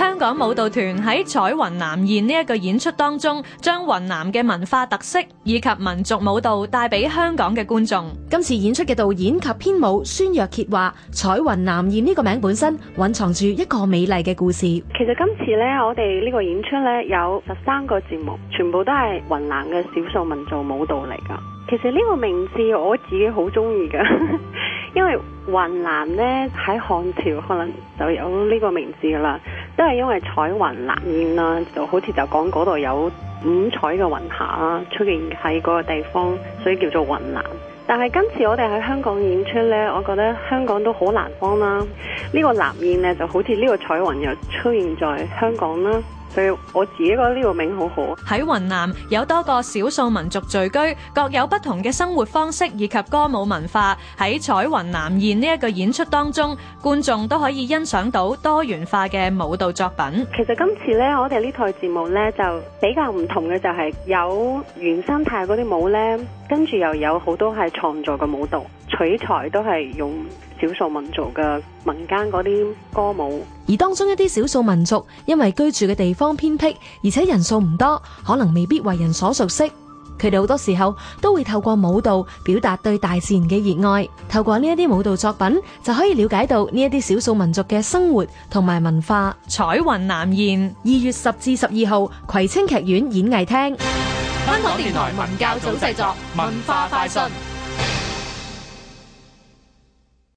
香港舞蹈團喺《彩雲南燕》呢一個演出當中，將雲南嘅文化特色以及民族舞蹈帶俾香港嘅觀眾。今次演出嘅導演及編舞孫若傑話，《彩雲南燕》呢個名本身蘊藏住一個美麗嘅故事。其實今次咧，我哋呢個演出咧有十三個節目，全部都係雲南嘅少數民族舞蹈嚟噶。其實呢個名字我自己好中意噶， 因為雲南咧喺漢朝可能就有呢個名字噶啦。都係因為彩雲南燕啦，就好似就講嗰度有五彩嘅雲霞啦，出現喺嗰個地方，所以叫做雲南。但係今次我哋喺香港演出呢，我覺得香港都好南方啦。呢個南燕呢，就好似呢個彩雲又出現在香港啦。所以我自己覺得呢個名好好。喺雲南有多個少數民族聚居，各有不同嘅生活方式以及歌舞文化。喺彩雲南燕呢一個演出當中，觀眾都可以欣賞到多元化嘅舞蹈作品。其實今次呢，我哋呢台節目呢就比較唔同嘅，就係有原生態嗰啲舞呢，跟住又有好多係創作嘅舞蹈。取材都係用少數民族嘅民間嗰啲歌舞，而當中一啲少數民族因為居住嘅地方偏僻，而且人數唔多，可能未必為人所熟悉。佢哋好多時候都會透過舞蹈表達對大自然嘅熱愛。透過呢一啲舞蹈作品，就可以了解到呢一啲少數民族嘅生活同埋文化。彩雲南燕，二月十至十二號，葵青劇院演藝廳。香港電台文教組製作，文化快訊。